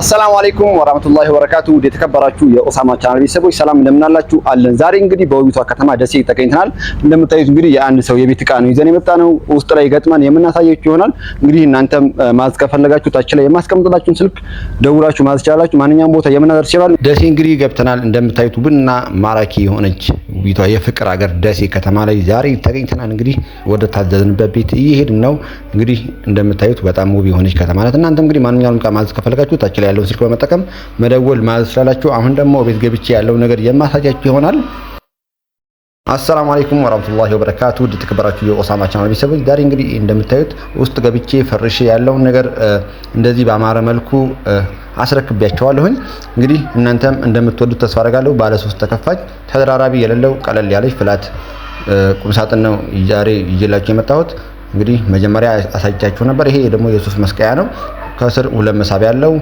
አሰላሙ አለይኩም ወራህመቱላሂ ወበረካቱ። የተከበራችሁ የኡሳማ ቻናል ቤተሰቦች ሰላም እንደምናላችሁ አለን። ዛሬ እንግዲህ በውቢቷ ከተማ ደሴ ተገኝተናል። እንደምታዩት እንግዲህ የአንድ ሰው የቤት እቃ ነው ይዘን የመጣ ነው። ውስጥ ላይ ገጥመን የምናሳያችሁ ይሆናል። እንግዲህ እናንተም ማዘዝ ከፈለጋችሁ ታች ላይ የማስቀምጥላችሁን ስልክ ደውላችሁ ማዘዝ ቻላችሁ። ማንኛውም ቦታ የምናደርስ ይችላል። ደሴ እንግዲህ ገብተናል። እንደምታዩት ውብና ማራኪ የሆነች ውቢቷ የፍቅር ሀገር ደሴ ከተማ ላይ ዛሬ ተገኝተናል። እንግዲህ ወደ ታዘዝንበት ቤት እየሄድን ነው። እንግዲህ እንደምታዩት በጣም ውብ የሆነች ከተማ ናት። እናንተም እንግዲህ ማንኛውንም ቃ ማዘዝ ከፈለጋችሁ ታች ላይ ያለውን ስልክ በመጠቀም መደወል ማዘዝ ስላላችሁ፣ አሁን ደግሞ ቤት ገብቼ ያለው ነገር የማሳያችሁ ይሆናል። አሰላሙ አለይኩም ወራህመቱላሂ ወበረካቱ። ውድ ተከበራችሁ የኦሳማ ቻናል ቤተሰቦች ዛሬ እንግዲህ እንደምታዩት ውስጥ ገብቼ ፈርሼ ያለውን ነገር እንደዚህ በአማረ መልኩ አስረክቤያቸዋለሁኝ። እንግዲህ እናንተም እንደምትወዱት ተስፋ አደርጋለሁ። ባለ ሶስት ተከፋች ተደራራቢ የሌለው ቀለል ያለች ፍላት ቁምሳጥን ነው ዛሬ ይዤላችሁ የመጣሁት። እንግዲህ መጀመሪያ አሳይቻችሁ ነበር። ይሄ ደግሞ የሱፍ መስቀያ ነው። ከስር ሁለት መሳቢያ ያለው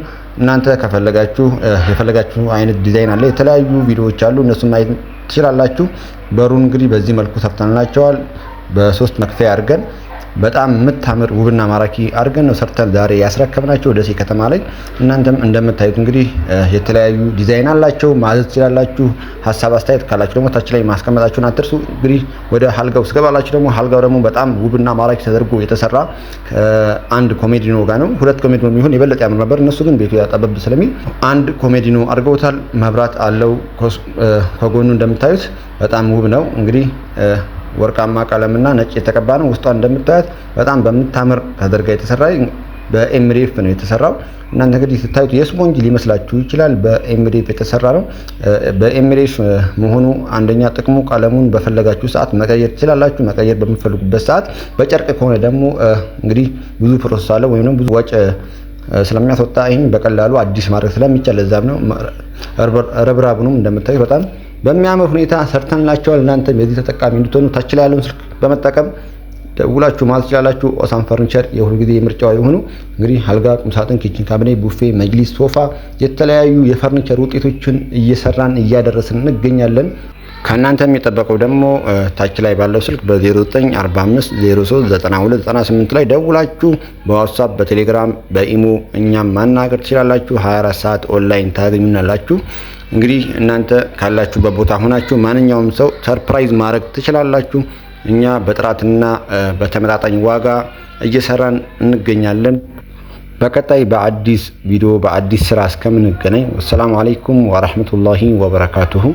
እናንተ ከፈለጋችሁ የፈለጋችሁ አይነት ዲዛይን አለ። የተለያዩ ቪዲዮዎች አሉ፣ እነሱን ማየት ትችላላችሁ። በሩን እንግዲህ በዚህ መልኩ ሰፍተንላቸዋል። በሶስት መክፈያ አድርገን በጣም የምታምር ውብና ማራኪ አድርገን ነው ሰርተን ዛሬ ያስረከብናቸው ደሴ ከተማ ላይ። እናንተም እንደምታዩት እንግዲህ የተለያዩ ዲዛይን አላቸው፣ ማዘዝ ትችላላችሁ። ሀሳብ አስተያየት ካላችሁ ደግሞ ታች ላይ ማስቀመጣችሁን አትርሱ። እንግዲህ ወደ ሀልጋው ስገባላችሁ ደግሞ ሀልጋው ደግሞ በጣም ውብና ማራኪ ተደርጎ የተሰራ አንድ ኮሜዲኖ ጋር ነው። ሁለት ኮሜዲኖ የሚሆን የበለጠ ያምር ነበር። እነሱ ግን ቤቱ ያጠበብ ስለሚል አንድ ኮሜዲኖ አድርገውታል። መብራት አለው። ከጎኑ እንደምታዩት በጣም ውብ ነው እንግዲህ ወርቃማ ቀለምና ነጭ የተቀባ ነው። ውስጧ እንደምታዩት በጣም በምታምር ተደርጋ የተሰራ በኤምዲኤፍ ነው የተሰራው። እናንተ እንግዲህ ስታዩት የስፖንጅ ሊመስላችሁ ይችላል። በኤምዲኤፍ የተሰራ ነው። በኤምዲኤፍ መሆኑ አንደኛ ጥቅሙ ቀለሙን በፈለጋችሁ ሰዓት መቀየር ትችላላችሁ። መቀየር በምፈልጉበት ሰዓት፣ በጨርቅ ከሆነ ደግሞ እንግዲህ ብዙ ፕሮሰስ አለ ወይም ብዙ ወጭ ስለሚያስወጣ ይህን በቀላሉ አዲስ ማድረግ ስለሚቻል ለዛም ነው። ረብራቡንም እንደምታዩት በጣም በሚያምር ሁኔታ ሰርተንላቸዋል። እናንተም የዚህ ተጠቃሚ እንድትሆኑ ታች ላይ ያለውን ስልክ በመጠቀም ደውላችሁ ማለት ትችላላችሁ። ኦሳም ፈርኒቸር የሁል ጊዜ የምርጫ የሆኑ እንግዲህ አልጋ፣ ቁምሳጥን፣ ኪችን ካቢኔ፣ ቡፌ፣ መጅሊስ፣ ሶፋ የተለያዩ የፈርኒቸር ውጤቶችን እየሰራን እያደረስን እንገኛለን። ከእናንተ የሚጠበቀው ደግሞ ታች ላይ ባለው ስልክ በ0945 039298 ላይ ደውላችሁ በዋትሳፕ በቴሌግራም በኢሞ እኛም ማናገር ትችላላችሁ። 24 ሰዓት ኦንላይን ታገኙናላችሁ። እንግዲህ እናንተ ካላችሁበት ቦታ ሆናችሁ ማንኛውም ሰው ሰርፕራይዝ ማድረግ ትችላላችሁ። እኛ በጥራትና በተመጣጣኝ ዋጋ እየሰራን እንገኛለን። በቀጣይ በአዲስ ቪዲዮ በአዲስ ስራ እስከምንገናኝ ወሰላሙ አለይኩም ወረህመቱላሂ ወበረካቱሁ።